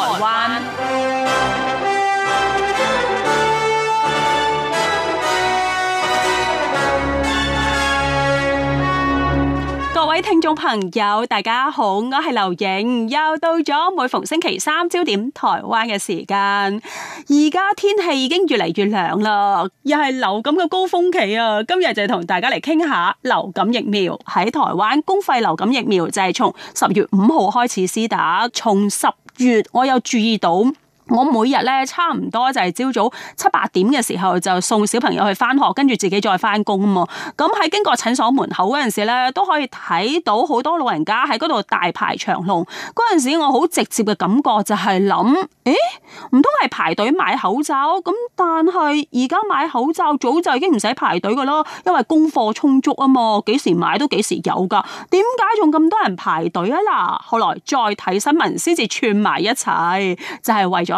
台灣各位聽眾朋友，大家好，我係劉影，又到咗每逢星期三焦點台灣嘅時間。而家天氣已經越嚟越涼啦，又係流感嘅高峰期啊。今日就同大家嚟傾下流感疫苗喺台灣公費流感疫苗就係從十月五號開始施打，從十月，我有注意到。我每日咧差唔多就係朝早七八點嘅時候就送小朋友去返學，跟住自己再返工啊嘛。咁喺經過診所門口嗰陣時咧，都可以睇到好多老人家喺嗰度大排長龍。嗰陣時我好直接嘅感覺就係諗，誒、欸，唔通係排隊買口罩咁？但係而家買口罩早就已經唔使排隊噶咯，因為供貨充足啊嘛，幾時買都幾時有噶。點解仲咁多人排隊啊嗱？後來再睇新聞先至串埋一齊，就係、是、為咗。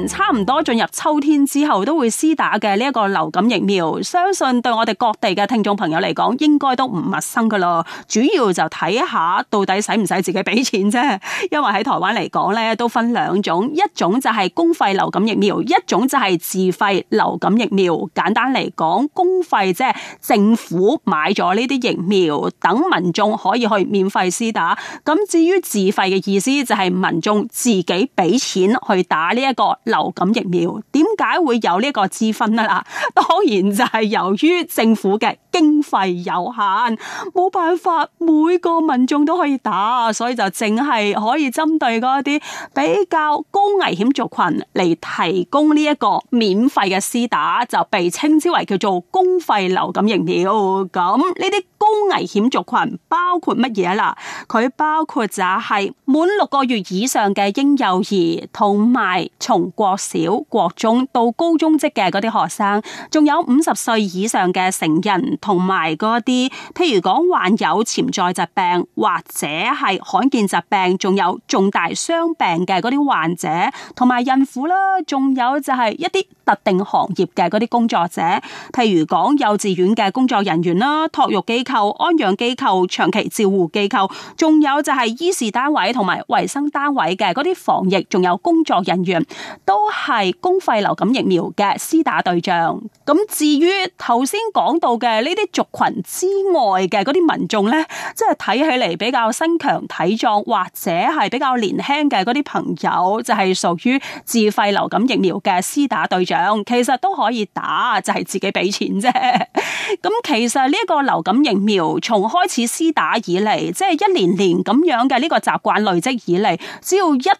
差唔多進入秋天之後都會施打嘅呢一個流感疫苗，相信對我哋各地嘅聽眾朋友嚟講，應該都唔陌生噶咯。主要就睇下到底使唔使自己俾錢啫，因為喺台灣嚟講呢，都分兩種，一種就係公費流感疫苗，一種就係自費流感疫苗。簡單嚟講，公費即係政府買咗呢啲疫苗，等民眾可以去免費施打。咁至於自費嘅意思，就係民眾自己俾錢去打呢一個流感疫苗。流感疫苗點？解會有呢個之分啦，當然就係由於政府嘅經費有限，冇辦法每個民眾都可以打，所以就淨係可以針對嗰啲比較高危險族群嚟，提供呢一個免費嘅施打，就被稱之為叫做公費流感疫苗。咁呢啲高危險族群包括乜嘢啦？佢包括就係滿六個月以上嘅嬰幼兒，同埋從國小國中。到高中職嘅嗰啲學生，仲有五十歲以上嘅成人，同埋嗰啲譬如講患有潛在疾病或者係罕見疾病，仲有重大傷病嘅嗰啲患者，同埋孕婦啦，仲有就係一啲特定行業嘅嗰啲工作者，譬如講幼稚園嘅工作人員啦，托育機構、安養機構、長期照護機構，仲有就係醫事單位同埋衛生單位嘅嗰啲防疫，仲有工作人員都係公費。流感疫苗嘅施打對象，咁至於頭先講到嘅呢啲族群之外嘅嗰啲民眾呢，即係睇起嚟比較身強體壯或者係比較年輕嘅嗰啲朋友，就係屬於自費流感疫苗嘅施打對象，其實都可以打，就係自己俾錢啫。咁其實呢個流感疫苗從開始施打以嚟，即係一年年咁樣嘅呢個習慣累積以嚟，只要一。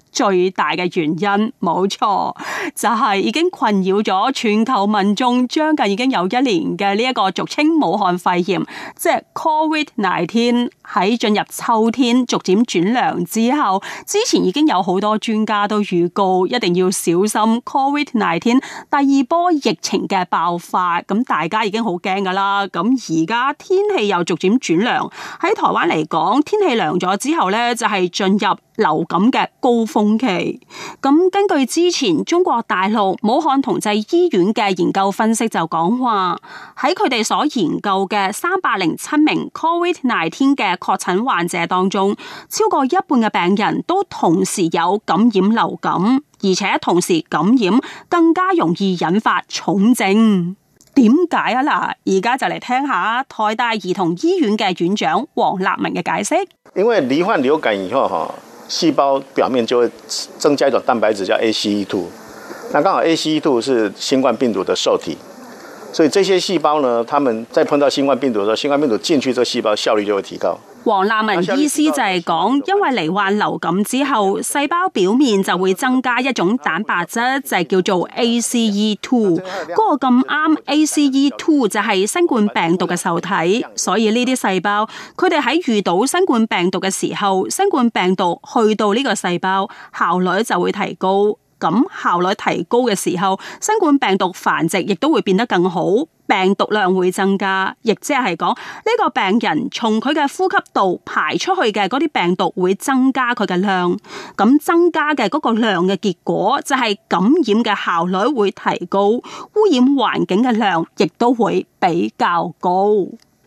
最大嘅原因冇錯，就係、是、已經困擾咗全球民眾將近已經有一年嘅呢一個俗稱武漢肺炎，即、就、係、是、COVID nineteen 喺進入秋天逐漸轉涼之後，之前已經有好多專家都預告一定要小心 COVID nineteen 第二波疫情嘅爆發，咁大家已經好驚噶啦。咁而家天氣又逐漸轉涼，喺台灣嚟講，天氣涼咗之後咧，就係進入，流感嘅高峰期，咁根據之前中國大陸武漢同濟醫院嘅研究分析就講話，喺佢哋所研究嘅三百零七名 Covid nineteen 嘅確診患者當中，超過一半嘅病人都同時有感染流感，而且同時感染更加容易引發重症。點解啊嗱？而家就嚟聽下台大兒童醫院嘅院長黃立明嘅解釋。因為罹患流感以後，細胞表面就會增加一種蛋白質叫 ACE2，那剛好 ACE2 是新冠病毒的受體，所以這些細胞呢，他們在碰到新冠病毒的時候，新冠病毒進去這個細胞效率就會提高。黃立民醫師就係講，因為罹患流感之後，細胞表面就會增加一種蛋白質，就係、是、叫做 ACE two。嗰、那個咁啱，ACE two 就係新冠病毒嘅受體，所以呢啲細胞佢哋喺遇到新冠病毒嘅時候，新冠病毒去到呢個細胞效率就會提高。咁效率提高嘅時候，新冠病毒繁殖亦都會變得更好。病毒量會增加，亦即係講呢個病人從佢嘅呼吸道排出去嘅嗰啲病毒會增加佢嘅量，咁增加嘅嗰個量嘅結果就係感染嘅效率會提高，污染環境嘅量亦都會比較高。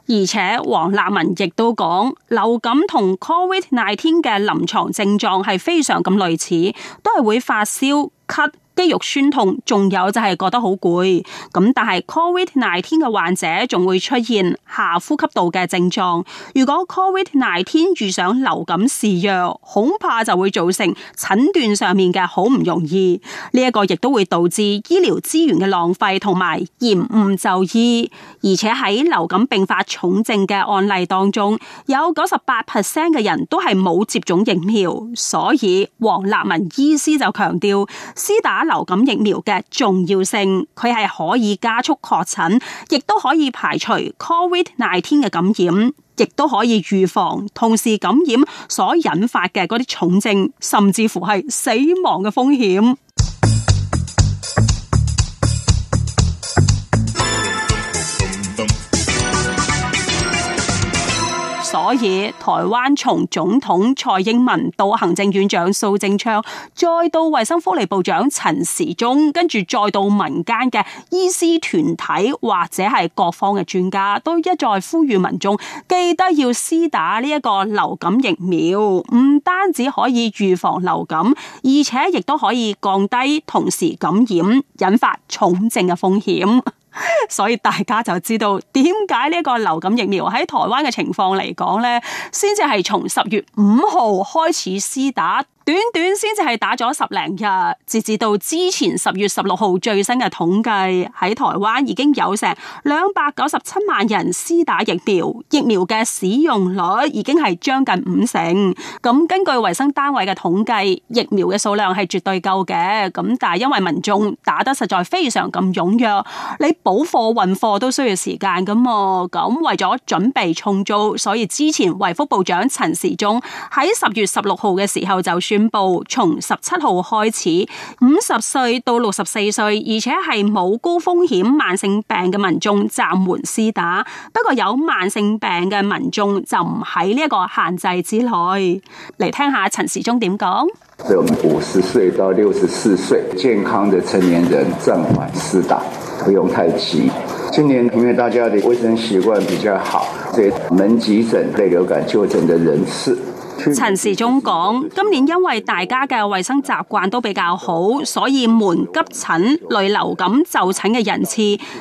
而且黃立文亦都講，流感同 COVID-19 嘅臨牀症狀係非常咁類似，都係會發燒、咳。肌肉酸痛，仲有就係覺得好攰。咁但係 Covid nineteen 嘅患者仲會出現下呼吸道嘅症狀。如果 Covid nineteen 遇上流感肆虐，恐怕就會造成診斷上面嘅好唔容易。呢、這、一個亦都會導致醫療資源嘅浪費同埋延誤就醫。而且喺流感併發重症嘅案例當中，有九十八 percent 嘅人都係冇接種疫苗。所以黃立文醫師就強調，施打。流感疫苗嘅重要性，佢係可以加速確診，亦都可以排除 COVID-19 嘅感染，亦都可以預防同時感染所引發嘅嗰啲重症，甚至乎係死亡嘅風險。所以，台灣從總統蔡英文到行政院長蘇貞昌，再到衛生福利部長陳時中，跟住再到民間嘅醫師團體或者係各方嘅專家，都一再呼籲民眾記得要施打呢一個流感疫苗，唔單止可以預防流感，而且亦都可以降低同時感染引發重症嘅風險。所以大家就知道點解呢個流感疫苗喺台灣嘅情況嚟講呢，先至係從十月五號開始施打。短短先至係打咗十零日，截至到之前十月十六號最新嘅統計，喺台灣已經有成兩百九十七萬人施打疫苗，疫苗嘅使用率已經係將近五成。咁根據衛生單位嘅統計，疫苗嘅數量係絕對夠嘅。咁但係因為民眾打得實在非常咁踴躍，你補貨運貨都需要時間㗎嘛，咁為咗準備充足，所以之前衛福部長陳時中喺十月十六號嘅時候就算宣布從十七號開始，五十歲到六十四歲，而且係冇高風險慢性病嘅民眾暫緩施打。不過有慢性病嘅民眾就唔喺呢一個限制之內。嚟聽下陳時中點講：呢個五十歲到六十四歲健康的成年人暫緩施打，不用太急。今年因為大家嘅衛生習慣比較好，所以門急診類流感就診嘅人次。陳時中講，今年因為大家嘅衛生習慣都比較好，所以門急診類流感就診嘅人次，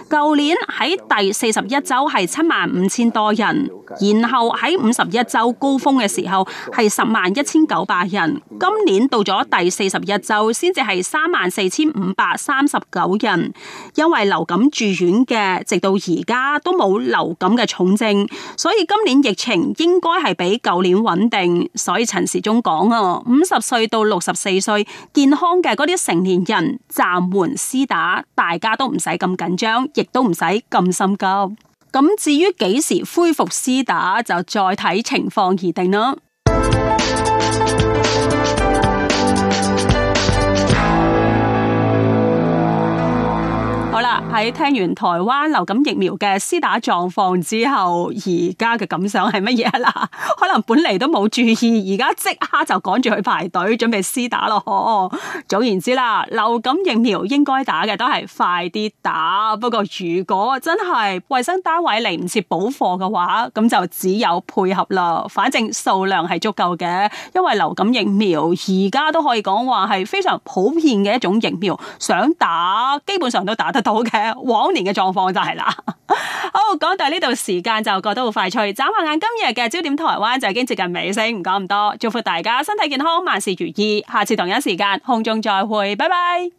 舊年喺第四十一周係七萬五千多人，然後喺五十一周高峰嘅時候係十萬一千九百人，今年到咗第四十一周先至係三萬四千五百三十九人。因為流感住院嘅，直到而家都冇流感嘅重症，所以今年疫情應該係比舊年穩定。所以陳時中講啊，五十歲到六十四歲健康嘅嗰啲成年人暫緩施打，大家都唔使咁緊張，亦都唔使咁心急。咁至於幾時恢復施打，就再睇情況而定啦。 好啦，喺聽完台灣流感疫苗嘅施打狀況之後，而家嘅感想係乜嘢啦？ 本嚟，都冇注意，而家即刻就趕住去排隊準備施打咯。總言之啦，流感疫苗應該打嘅都係快啲打。不過如果真係衛生單位嚟唔切補貨嘅話，咁就只有配合啦。反正數量係足夠嘅，因為流感疫苗而家都可以講話係非常普遍嘅一種疫苗，想打基本上都打得到嘅。往年嘅狀況就係啦。 好，講到呢度時間就覺得好快脆，眨下眼今日嘅焦點台灣。就已經接近尾聲，唔講咁多，祝福大家身體健康，萬事如意。下次同一時間，空中再會，拜拜。